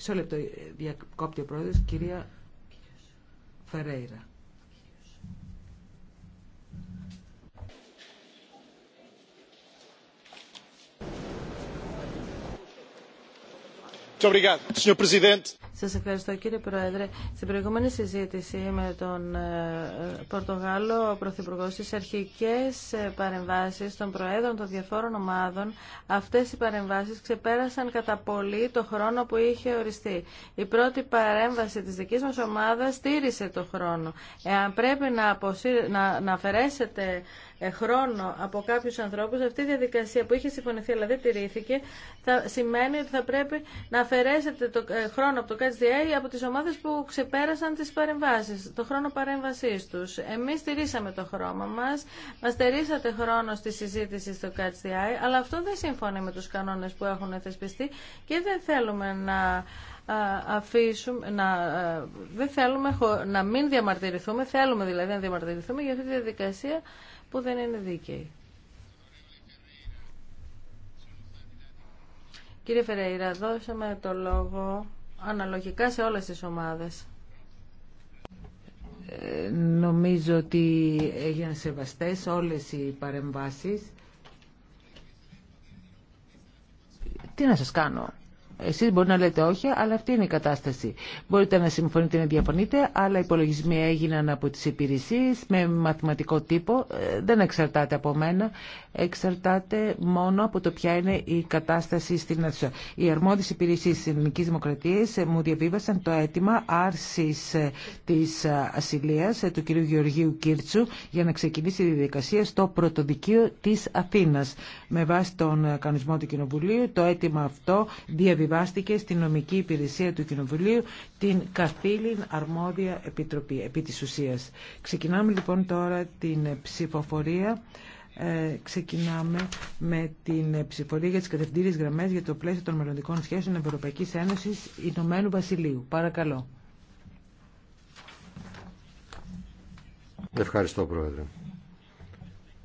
Μισό λεπτό ε, διακόπτει ο πρόεδρος, κυρία Φερέιρα. Muito obrigado, Sr. Presidente. Σας ευχαριστώ κύριε Πρόεδρε. Στην προηγούμενη συζήτηση με τον ε, Πορτογάλο Πρωθυπουργό στις αρχικές ε, παρεμβάσεις των Προέδρων των διαφόρων ομάδων αυτές οι παρεμβάσεις ξεπέρασαν κατά πολύ το χρόνο που είχε οριστεί. Η πρώτη παρέμβαση της δικής μας ομάδας στήρισε το χρόνο. Εάν πρέπει να, να... να αφαιρέσετε ε, χρόνο από κάποιου ανθρώπου, αυτή η διαδικασία που είχε συμφωνηθεί αλλά δηλαδή δεν τηρήθηκε, θα σημαίνει ότι θα πρέπει να αφαιρέσετε το χρόνο από το SDA από τις ομάδες που ξεπέρασαν τις παρεμβάσεις, το χρόνο παρέμβασής τους. Εμείς στηρίσαμε το χρώμα μας, μας στηρίσατε χρόνο στη συζήτηση στο Catch αλλά αυτό δεν σύμφωνε με τους κανόνες που έχουν θεσπιστεί και δεν θέλουμε να αφήσουμε, να, δεν θέλουμε να μην διαμαρτυρηθούμε, θέλουμε δηλαδή να διαμαρτυρηθούμε για αυτή τη διαδικασία που δεν είναι δίκαιη. Κύριε Φεραίρα, δώσαμε το λόγο αναλογικά σε όλες τις ομάδες. Ε, νομίζω ότι έγιναν σεβαστές όλες οι παρεμβάσεις. Τι να σας κάνω. Εσείς μπορεί να λέτε όχι, αλλά αυτή είναι η κατάσταση. Μπορείτε να συμφωνείτε ή να διαφωνείτε, αλλά οι υπολογισμοί έγιναν από τις υπηρεσίες με μαθηματικό τύπο. Ε, δεν εξαρτάται από μένα, εξαρτάται μόνο από το ποια είναι η κατάσταση στην Αθήνα. Οι αρμόδιες υπηρεσίες της Ελληνικής Δημοκρατίας ε, μου διαβίβασαν το αίτημα άρσης ε, της ασυλίας του κ. Γεωργίου Κίρτσου για να ξεκινήσει η διαδικασία στο πρωτοδικείο της Αθήνας. Με βάση τον κανονισμό του Κοινοβουλίου, το αίτημα αυτό διαβίβασε στην νομική υπηρεσία του Κοινοβουλίου την καθήλυν αρμόδια επιτροπή επί της ουσίας. Ξεκινάμε λοιπόν τώρα την ψηφοφορία. Ε, ξεκινάμε με την ψηφοφορία για τις κατευθυντήριες γραμμές για το πλαίσιο των μελλοντικών σχέσεων Ευρωπαϊκής Ένωσης Ηνωμένου Βασιλείου. Παρακαλώ. Ευχαριστώ Πρόεδρε.